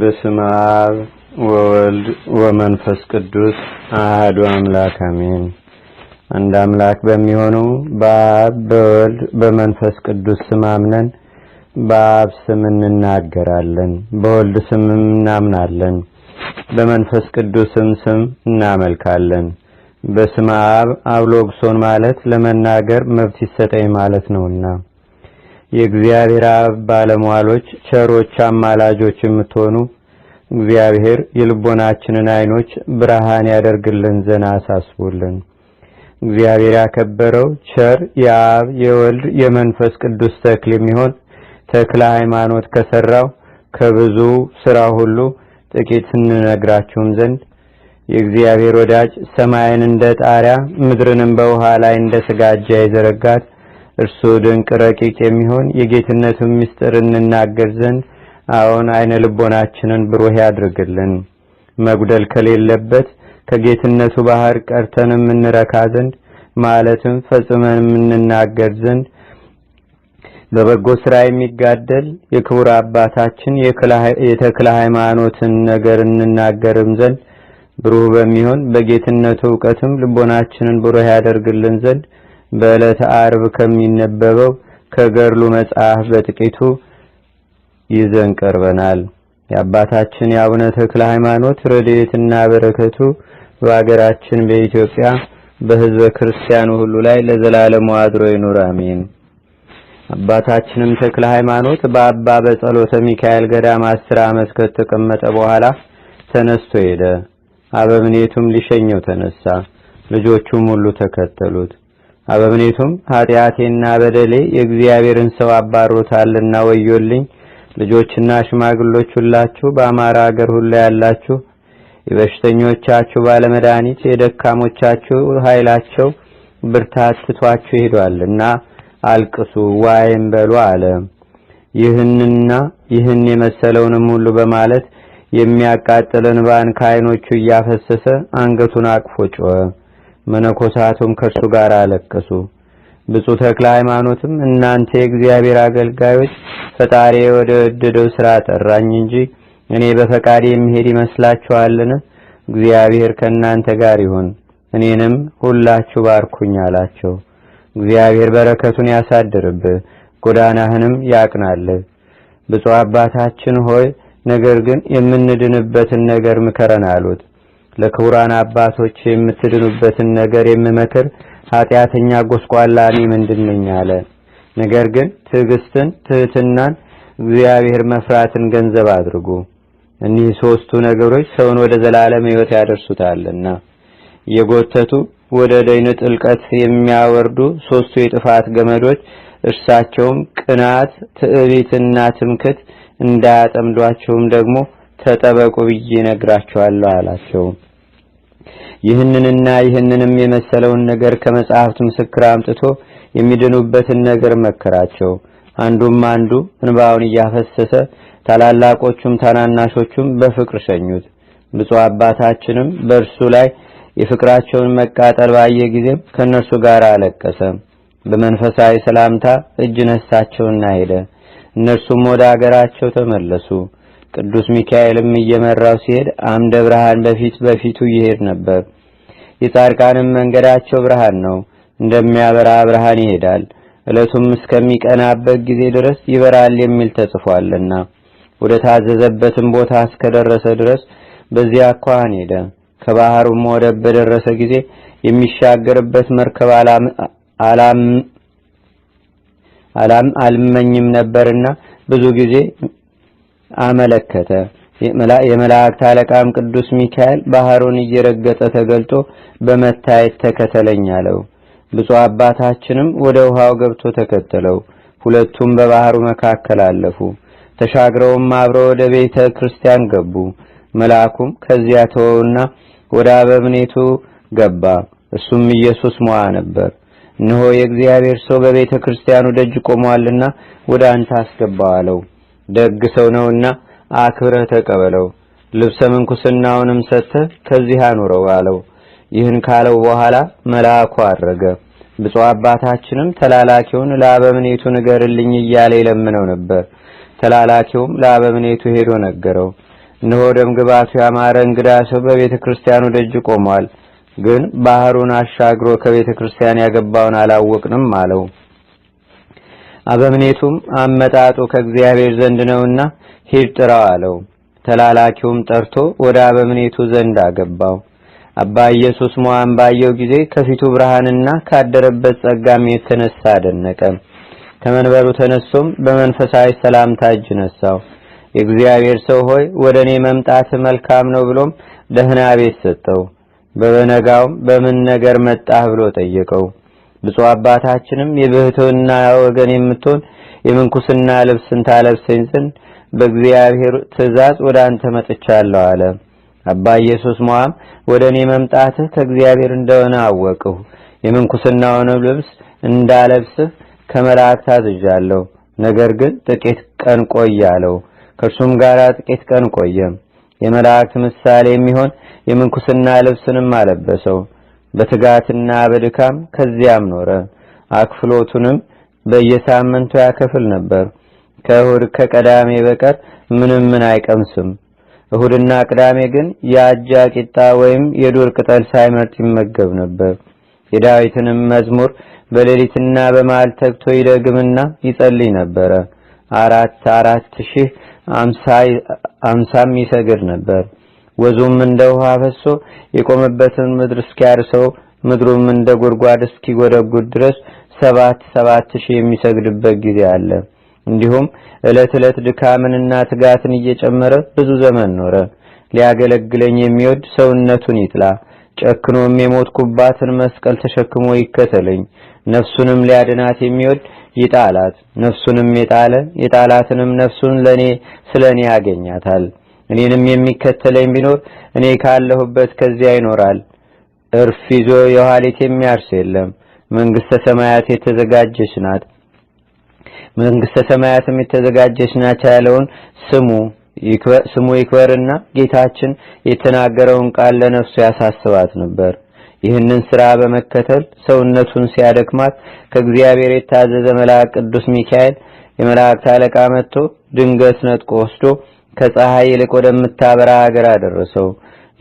በስመ አብ ወወልድ ወመንፈስ ቅዱስ አህዱ አምላክ አሜን። አንድ አምላክ በሚሆኑ በአብ በወልድ በመንፈስ ቅዱስ ስም አምነን በአብ ስም እንናገራለን፣ በወልድ ስምም እናምናለን፣ በመንፈስ ቅዱስም ስም እናመልካለን። በስመ አብ አብሎግሶን ማለት ለመናገር መብት ይሰጠኝ ማለት ነውና የእግዚአብሔር አብ ባለሟሎች፣ ቸሮች፣ አማላጆች የምትሆኑ እግዚአብሔር የልቦናችንን አይኖች ብርሃን ያደርግልን ዘና አሳስቡልን። እግዚአብሔር ያከበረው ቸር የአብ የወልድ የመንፈስ ቅዱስ ተክል የሚሆን ተክለ ሃይማኖት ከሰራው ከብዙ ስራ ሁሉ ጥቂት እንነግራችሁም ዘንድ የእግዚአብሔር ወዳጅ ሰማይን እንደ ጣሪያ ምድርንም በውሃ ላይ እንደ ስጋጃ የዘረጋት እርሱ ድንቅ ረቂቅ የሚሆን የጌትነቱን ምስጢር እንናገር ዘንድ አዎን አይነ ልቦናችንን ብሩህ ያድርግልን። መጉደል ከሌለበት ከጌትነቱ ባህር ቀርተን የምንረካ ዘንድ ማለትም ፈጽመን የምንናገር ዘንድ በበጎ ስራ የሚጋደል የክቡር አባታችን የተክለ ሃይማኖትን ነገር እንናገርም ዘንድ ብሩህ በሚሆን በጌትነቱ እውቀትም ልቦናችንን ብሩህ ያደርግልን ዘንድ በዕለተ አርብ ከሚነበበው ከገርሉ መጽሐፍ በጥቂቱ ይዘን ቀርበናል። የአባታችን የአቡነ ተክለ ሃይማኖት ረድኤትና በረከቱ በአገራችን በኢትዮጵያ በሕዝበ ክርስቲያኑ ሁሉ ላይ ለዘላለሙ አድሮ ይኑር፣ አሜን። አባታችንም ተክለ ሃይማኖት በአባ በጸሎተ ሚካኤል ገዳም አስር ዓመት ከተቀመጠ በኋላ ተነስቶ ሄደ። አበምኔቱም ሊሸኘው ተነሳ። ልጆቹም ሁሉ ተከተሉት። አበምኔቱም ኃጢአቴና በደሌ የእግዚአብሔርን ሰው አባሮታልና ወዮልኝ። ልጆችና ሽማግሎች ሁላችሁ፣ በአማራ አገር ሁሉ ያላችሁ የበሽተኞቻችሁ ባለመድኃኒት፣ የደካሞቻችሁ ኃይላቸው ብርታት ትቷችሁ እና አልቅሱ ዋይም በሉ አለ። ይህንና ይህን የመሰለውንም ሁሉ በማለት የሚያቃጥለን ባን ከዓይኖቹ እያፈሰሰ አንገቱን አቅፎ ጮኸ። መነኮሳቱም ከእርሱ ጋር አለቀሱ። ብፁዕ ተክለ ሃይማኖትም እናንተ የእግዚአብሔር አገልጋዮች ፈጣሪ ወደ ወደደው ስራ ጠራኝ እንጂ እኔ በፈቃድ የሚሄድ ይመስላችኋልን? እግዚአብሔር ከእናንተ ጋር ይሁን፣ እኔንም ሁላችሁ ባርኩኝ አላቸው። እግዚአብሔር በረከቱን ያሳድርብህ፣ ጎዳናህንም ያቅናልህ። ብፁዕ አባታችን ሆይ ነገር ግን የምንድንበትን ነገር ምከረን አሉት። ለክቡራን አባቶች የምትድኑበትን ነገር የምመክር ኃጢአተኛ ጎስቋላ እኔ ምንድን ነኝ አለ። ነገር ግን ትዕግስትን፣ ትህትናን፣ እግዚአብሔር መፍራትን ገንዘብ አድርጉ። እኒህ ሶስቱ ነገሮች ሰውን ወደ ዘላለም ሕይወት ያደርሱታልና የጎተቱ ወደ ደይን ጥልቀት የሚያወርዱ ሶስቱ የጥፋት ገመዶች እርሳቸውም ቅናት፣ ትዕቢትና ትምክት እንዳያጠምዷቸውም ደግሞ ተጠበቁ ብዬ ነግራቸዋለሁ አላቸው። ይህንንና ይህንንም የመሰለውን ነገር ከመጽሐፍት ምስክር አምጥቶ የሚድኑበትን ነገር መከራቸው። አንዱም አንዱ እንባውን እያፈሰሰ ታላላቆቹም ታናናሾቹም በፍቅር ሸኙት። ብፁዕ አባታችንም በእርሱ ላይ የፍቅራቸውን መቃጠል ባየ ጊዜም ከእነርሱ ጋር አለቀሰ። በመንፈሳዊ ሰላምታ እጅ ነሳቸውና ሄደ። እነርሱም ወደ አገራቸው ተመለሱ። ቅዱስ ሚካኤልም እየመራው ሲሄድ አምደ ብርሃን በፊት በፊቱ ይሄድ ነበር። የጻድቃንም መንገዳቸው ብርሃን ነው፣ እንደሚያበራ ብርሃን ይሄዳል፣ እለቱም እስከሚቀናበት ጊዜ ድረስ ይበራል የሚል ተጽፏልና ወደ ታዘዘበትም ቦታ እስከደረሰ ድረስ በዚያ አኳኋን ሄደ። ከባህሩም ወደብ በደረሰ ጊዜ የሚሻገርበት መርከብ አላም አልመኝም ነበርና ብዙ ጊዜ አመለከተ። የመላእክት አለቃም ቅዱስ ሚካኤል ባህሩን እየረገጠ ተገልጦ በመታየት ተከተለኝ አለው። ብፁዕ አባታችንም ወደ ውሃው ገብቶ ተከተለው። ሁለቱም በባህሩ መካከል አለፉ። ተሻግረውም አብረው ወደ ቤተ ክርስቲያን ገቡ። መልአኩም ከዚያ ተወውና ወደ አበምኔቱ ገባ። እሱም ኢየሱስ መዋ ነበር። እነሆ የእግዚአብሔር ሰው በቤተ ክርስቲያኑ ደጅ ቆሟልና ወደ አንተ አስገባው አለው። ደግ ሰው ነውና አክብረህ ተቀበለው፣ ልብሰ ምንኩስናውንም ሰጥተህ ከዚህ አኑረው አለው። ይህን ካለው በኋላ መልአኩ አረገ። ብፁዕ አባታችንም ተላላኪውን ለአበምኔቱ ንገርልኝ እያለ ይለምነው ነበር። ተላላኪውም ለአበምኔቱ ሄዶ ነገረው። ደም ግባቱ ያማረ እንግዳ ሰው በቤተ ክርስቲያኑ ደጅ ቆሟል፣ ግን ባህሩን አሻግሮ ከቤተ ክርስቲያን ያገባውን አላወቅንም አለው። አበምኔቱም አመጣጡ ከእግዚአብሔር ዘንድ ነውና ሂድ ጥራው አለው። ተላላኪውም ጠርቶ ወደ አበምኔቱ ዘንድ አገባው። አባ ኢየሱስ ሞዓን ባየው ጊዜ ከፊቱ ብርሃንና ካደረበት ጸጋም የተነሳ አደነቀ። ከመንበሩ ተነስቶም በመንፈሳዊ ሰላምታ እጅ ነሳው። የእግዚአብሔር ሰው ሆይ ወደ እኔ መምጣት መልካም ነው ብሎም ደህና ቤት ሰጠው። በበነጋውም በምን ነገር መጣህ ብሎ ጠየቀው። ብፁዕ አባታችንም የብህትውና ወገን የምትሆን የምንኩስና ልብስን ታለብሰኝ ዘንድ በእግዚአብሔር ትእዛዝ ወደ አንተ መጥቻለሁ አለ። አባ ኢየሱስ ሞዓም ወደ እኔ መምጣትህ ከእግዚአብሔር እንደሆነ አወቅሁ። የምንኩስናውን ልብስ እንዳለብስህ ከመላእክት አዝዣለሁ። ነገር ግን ጥቂት ቀን ቆይ አለው። ከእርሱም ጋር ጥቂት ቀን ቆየ። የመላእክት ምሳሌ የሚሆን የምንኩስና ልብስንም አለበሰው። በትጋትና በድካም ከዚያም ኖረ። አክፍሎቱንም በየሳምንቱ ያከፍል ነበር። ከእሁድ ከቀዳሜ በቀር ምንም ምን አይቀምስም። እሁድና ቅዳሜ ግን የአጃ ቂጣ ወይም የዱር ቅጠል ሳይመርጥ ይመገብ ነበር። የዳዊትንም መዝሙር በሌሊትና በመዓል ተግቶ ይደግምና ይጸልይ ነበረ። አራት አራት ሺህ አምሳም ይሰግድ ነበር። ወዙም እንደ ውሃ ፈሶ የቆመበትን ምድር እስኪያርሰው ምድሩም እንደ ጉድጓድ እስኪጎደጉድ ድረስ ሰባት ሰባት ሺህ የሚሰግድበት ጊዜ አለ። እንዲሁም እለት እለት ድካምንና ትጋትን እየጨመረ ብዙ ዘመን ኖረ። ሊያገለግለኝ የሚወድ ሰውነቱን ይጥላ፣ ጨክኖም የሞትኩባትን መስቀል ተሸክሞ ይከተለኝ። ነፍሱንም ሊያድናት የሚወድ ይጣላት፣ ነፍሱንም የጣለ የጣላትንም ነፍሱን ለኔ ስለ እኔ ያገኛታል። እኔንም የሚከተለኝ ቢኖር እኔ ካለሁበት ከዚያ ይኖራል። እርፍ ይዞ የኋሊት የሚያርስ የለም። መንግሥተ ሰማያት የተዘጋጀች ናት። መንግሥተ ሰማያትም የተዘጋጀች ናት ያለውን ስሙ ስሙ ይክበርና ጌታችን የተናገረውን ቃል ለነፍሱ ያሳስባት ነበር። ይህንን ስራ በመከተል ሰውነቱን ሲያደክማት ከእግዚአብሔር የታዘዘ መልአክ ቅዱስ ሚካኤል የመላእክት አለቃ መጥቶ ድንገት ነጥቆ ወስዶ ከፀሐይ ይልቅ ወደምታበራ ሀገር አደረሰው።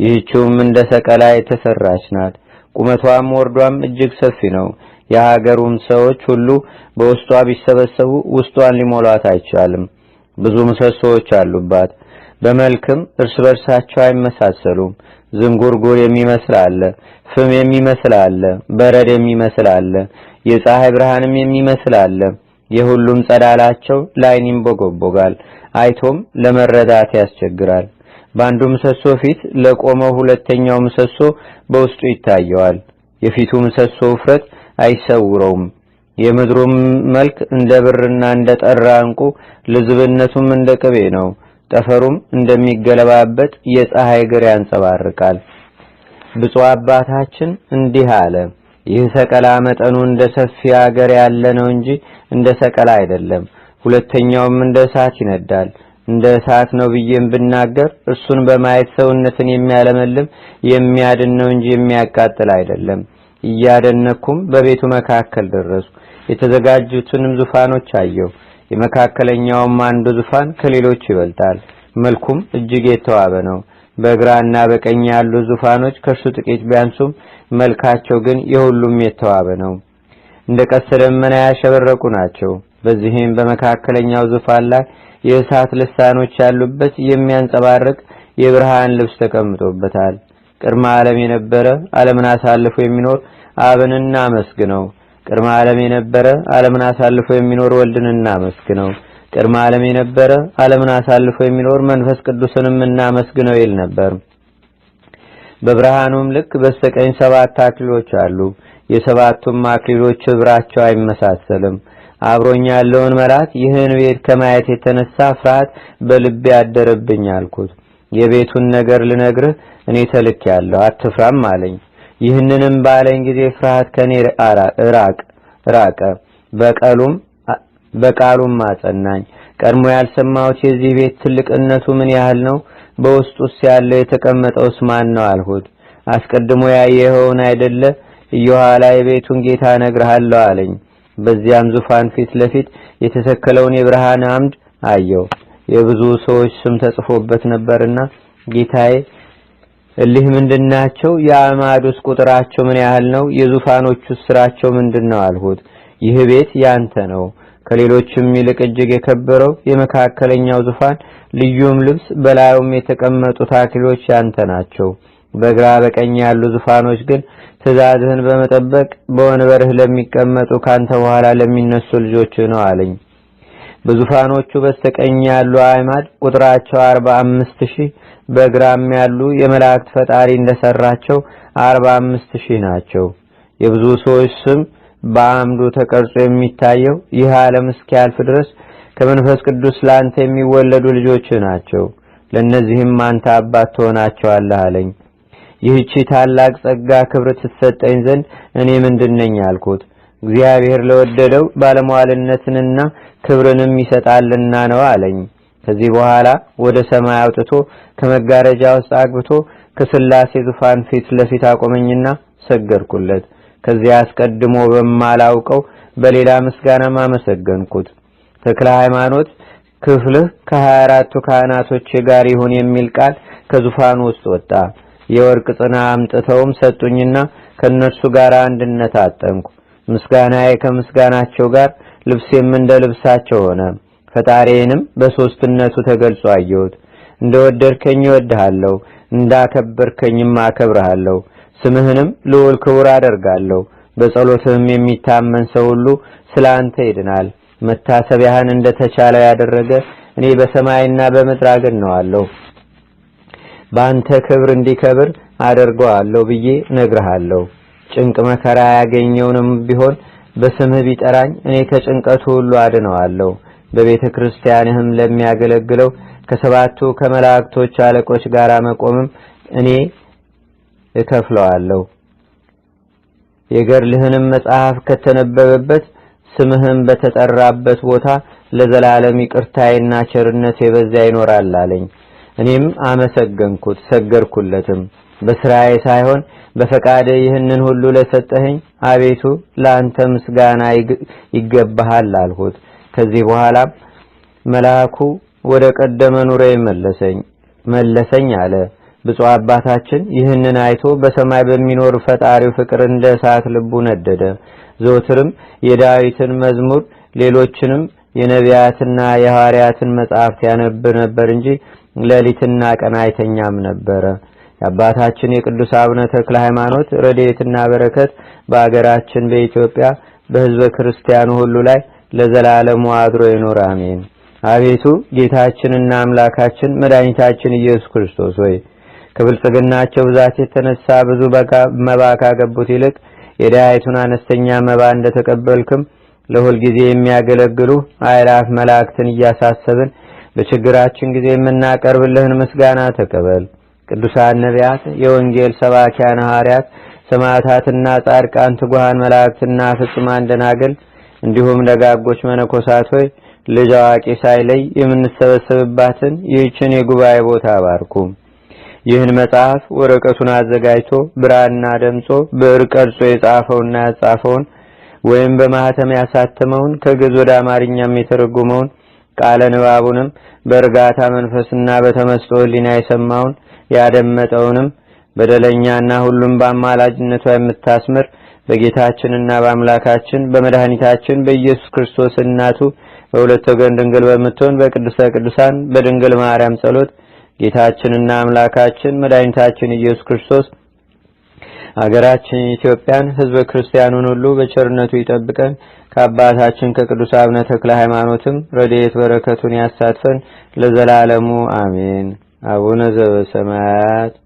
ይህችውም እንደ ሰቀላ የተሰራች ናት። ቁመቷም ወርዷም እጅግ ሰፊ ነው። የሀገሩም ሰዎች ሁሉ በውስጧ ቢሰበሰቡ ውስጧን ሊሞሏት አይቻልም። ብዙ ምሰሶዎች አሉባት። በመልክም እርስ በርሳቸው አይመሳሰሉም። ዝንጉርጉር የሚመስል አለ፣ ፍም የሚመስል አለ፣ በረድ የሚመስል አለ፣ የፀሐይ ብርሃንም የሚመስል አለ። የሁሉም ጸዳላቸው ላይን ይንቦጎቦጋል። አይቶም ለመረዳት ያስቸግራል። በአንዱ ምሰሶ ፊት ለቆመው ሁለተኛው ምሰሶ በውስጡ ይታየዋል። የፊቱ ምሰሶ ውፍረት አይሰውረውም። የምድሩም መልክ እንደ ብርና እንደ ጠራ እንቁ ልዝብነቱም እንደ ቅቤ ነው። ጠፈሩም እንደሚገለባበት የፀሐይ ግር ያንጸባርቃል። ብፁዕ አባታችን እንዲህ አለ። ይህ ሰቀላ መጠኑ እንደ ሰፊ አገር ያለ ነው እንጂ እንደ ሰቀላ አይደለም። ሁለተኛውም እንደ እሳት ይነዳል። እንደ እሳት ነው ብዬም ብናገር እሱን በማየት ሰውነትን የሚያለመልም የሚያድን ነው እንጂ የሚያቃጥል አይደለም። እያደነኩም በቤቱ መካከል ደረሱ የተዘጋጁትንም ዙፋኖች አየሁ። የመካከለኛውም አንዱ ዙፋን ከሌሎች ይበልጣል፣ መልኩም እጅግ የተዋበ ነው። በግራና በቀኝ ያሉ ዙፋኖች ከእርሱ ጥቂት ቢያንሱም መልካቸው ግን የሁሉም የተዋበ ነው። እንደ ቀስተ ደመና ያሸበረቁ ናቸው። በዚህም በመካከለኛው ዙፋን ላይ የእሳት ልሳኖች ያሉበት የሚያንጸባርቅ የብርሃን ልብስ ተቀምጦበታል። ቅድመ ዓለም የነበረ ዓለምን አሳልፎ የሚኖር አብን እናመስግነው። ቅድመ ዓለም የነበረ ዓለምን አሳልፎ የሚኖር ወልድን እናመስግነው። ቅድመ ዓለም የነበረ ዓለምን አሳልፎ የሚኖር መንፈስ ቅዱስንም እናመስግነው ይል ነበር። በብርሃኑም ልክ በስተቀኝ ሰባት አክሊሎች አሉ። የሰባቱም አክሊሎች ኅብራቸው አይመሳሰልም። አብሮኝ ያለውን መልአክ ይህን ቤት ከማየት የተነሳ ፍርሃት በልቤ ያደረብኝ አልኩት። የቤቱን ነገር ልነግርህ እኔ ተልክ ያለው አትፍራም አለኝ። ይህንንም ባለኝ ጊዜ ፍርሃት ራቅ ራቀ፣ በቀሉም በቃሉም አጸናኝ። ቀድሞ ያልሰማሁት የዚህ ቤት ትልቅነቱ ምን ያህል ነው በውስጡስ ያለው የተቀመጠውስ ማን ነው አልሁት። አስቀድሞ ያየኸውን አይደለ? እየኋላ ላይ ቤቱን ጌታ እነግርሃለሁ አለኝ። በዚያም ዙፋን ፊት ለፊት የተተከለውን የብርሃን አምድ አየው። የብዙ ሰዎች ስም ተጽፎበት ነበርና ጌታዬ እሊህ ምንድናቸው? የአዕማዱስ ቁጥራቸው ምን ያህል ነው? የዙፋኖቹ ስራቸው ምንድን ነው አልሁት። ይህ ቤት ያንተ ነው ከሌሎችም ይልቅ እጅግ የከበረው የመካከለኛው ዙፋን ልዩም ልብስ በላዩም የተቀመጡት አክሊሎች ያንተ ናቸው። በግራ በቀኝ ያሉ ዙፋኖች ግን ትእዛዝህን በመጠበቅ በወንበርህ ለሚቀመጡ ካንተ በኋላ ለሚነሱ ልጆች ነው አለኝ። በዙፋኖቹ በስተቀኝ ያሉ አይማድ ቁጥራቸው አርባ አምስት ሺህ በግራም ያሉ የመላእክት ፈጣሪ እንደሰራቸው አርባ አምስት ሺህ ናቸው። የብዙ ሰዎች ስም በአምዱ ተቀርጾ የሚታየው ይህ ዓለም እስኪያልፍ ድረስ ከመንፈስ ቅዱስ ለአንተ የሚወለዱ ልጆች ናቸው፣ ለእነዚህም አንተ አባት ትሆናቸዋለህ አለኝ። ይህቺ ታላቅ ጸጋ ክብር ትሰጠኝ ዘንድ እኔ ምንድን ነኝ አልኩት። እግዚአብሔር ለወደደው ባለመዋልነትንና ክብርንም ይሰጣልና ነው አለኝ። ከዚህ በኋላ ወደ ሰማይ አውጥቶ ከመጋረጃ ውስጥ አግብቶ ከስላሴ ዙፋን ፊት ለፊት አቆመኝና ሰገርኩለት። ከዚያ አስቀድሞ በማላውቀው በሌላ ምስጋናም ማመሰገንኩት። ተክለ ሃይማኖት ክፍልህ ከሀያ አራቱ ካህናቶች ጋር ይሁን የሚል ቃል ከዙፋኑ ውስጥ ወጣ። የወርቅ ጽና አምጥተውም ሰጡኝና ከነሱ ጋር አንድነት አጠንኩ። ምስጋናዬ ከምስጋናቸው ጋር ልብሴም እንደ ልብሳቸው ሆነ። ፈጣሪዬንም በሶስትነቱ ተገልጾ አየሁት። እንደ ወደድከኝ እወድሃለሁ፣ እንዳከበርከኝም አከብርሃለሁ ስምህንም ልዑል ክቡር አደርጋለሁ። በጸሎትህም የሚታመን ሰው ሁሉ ስለ ይድናል። መታሰቢያህን እንደተቻለ ያደረገ እኔ በሰማይና በምድር አገነዋለሁ፣ በአንተ ክብር እንዲከብር አደርገዋለሁ ብዬ ነግርሃለሁ። ጭንቅ መከራ ያገኘውንም ቢሆን በስምህ ቢጠራኝ እኔ ከጭንቀቱ ሁሉ አድነዋለሁ። በቤተ ክርስቲያንህም ለሚያገለግለው ከሰባቱ ከመላእክቶች አለቆች ጋር መቆምም እኔ እከፍለዋለሁ። የገድልህንም መጽሐፍ ከተነበበበት ስምህም በተጠራበት ቦታ ለዘላለም ይቅርታዬና ቸርነት የበዛ ይኖራል አለኝ። እኔም አመሰገንኩት፣ ሰገድኩለትም። በስራዬ ሳይሆን በፈቃደ ይህንን ሁሉ ለሰጠኸኝ አቤቱ ለአንተ ምስጋና ይገባሃል አልሁት። ከዚህ በኋላም መልአኩ ወደ ቀደመ ኑሮ መለሰኝ አለ። ብፁዕ አባታችን ይህንን አይቶ በሰማይ በሚኖር ፈጣሪው ፍቅር እንደ እሳት ልቡ ነደደ። ዘውትርም የዳዊትን መዝሙር ሌሎችንም የነቢያትና የሐዋርያትን መጻሕፍት ያነብ ነበር እንጂ ሌሊትና ቀን አይተኛም ነበረ። የአባታችን የቅዱስ አቡነ ተክለ ሃይማኖት ረድኤትና በረከት በአገራችን በኢትዮጵያ በሕዝበ ክርስቲያኑ ሁሉ ላይ ለዘላለሙ አድሮ ይኑር፣ አሜን። አቤቱ ጌታችንና አምላካችን መድኃኒታችን ኢየሱስ ክርስቶስ ሆይ ከብልጽግናቸው ብዛት የተነሳ ብዙ መባ ካገቡት ይልቅ የዳያይቱን አነስተኛ መባ እንደተቀበልክም ለሁል ጊዜ የሚያገለግሉ አእላፍ መላእክትን እያሳሰብን በችግራችን ጊዜ የምናቀርብልህን ምስጋና ተቀበል። ቅዱሳን ነቢያት፣ የወንጌል ሰባኪያን ሐዋርያት፣ ሰማዕታትና ጻድቃን፣ ትጉሃን መላእክትና ፍጹማን ደናግል እንዲሁም ደጋጎች መነኮሳት ሆይ ልጅ አዋቂ ሳይለይ የምንሰበሰብባትን ይህችን የጉባኤ ቦታ አባርኩም። ይህን መጽሐፍ ወረቀቱን አዘጋጅቶ ብራና ደምጾ ብዕር ቀርጾ የጻፈውና ያጻፈውን ወይም በማህተም ያሳተመውን ከግዕዝ ወደ አማርኛም የተረጎመውን ቃለ ንባቡንም በእርጋታ መንፈስና በተመስጦ ሕሊና የሰማውን ያደመጠውንም በደለኛና ሁሉም በአማላጅነቷ የምታስምር በጌታችንና በአምላካችን በመድኃኒታችን በኢየሱስ ክርስቶስ እናቱ በሁለት ወገን ድንግል በምትሆን በቅድስተ ቅዱሳን በድንግል ማርያም ጸሎት ጌታችንና አምላካችን መድኃኒታችን ኢየሱስ ክርስቶስ አገራችን ኢትዮጵያን ህዝበ ክርስቲያኑን ሁሉ በቸርነቱ ይጠብቀን ከአባታችን ከቅዱስ አብነ ተክለ ሃይማኖትም ረድኤት በረከቱን ያሳትፈን ለዘላለሙ አሜን አቡነ ዘበሰማያት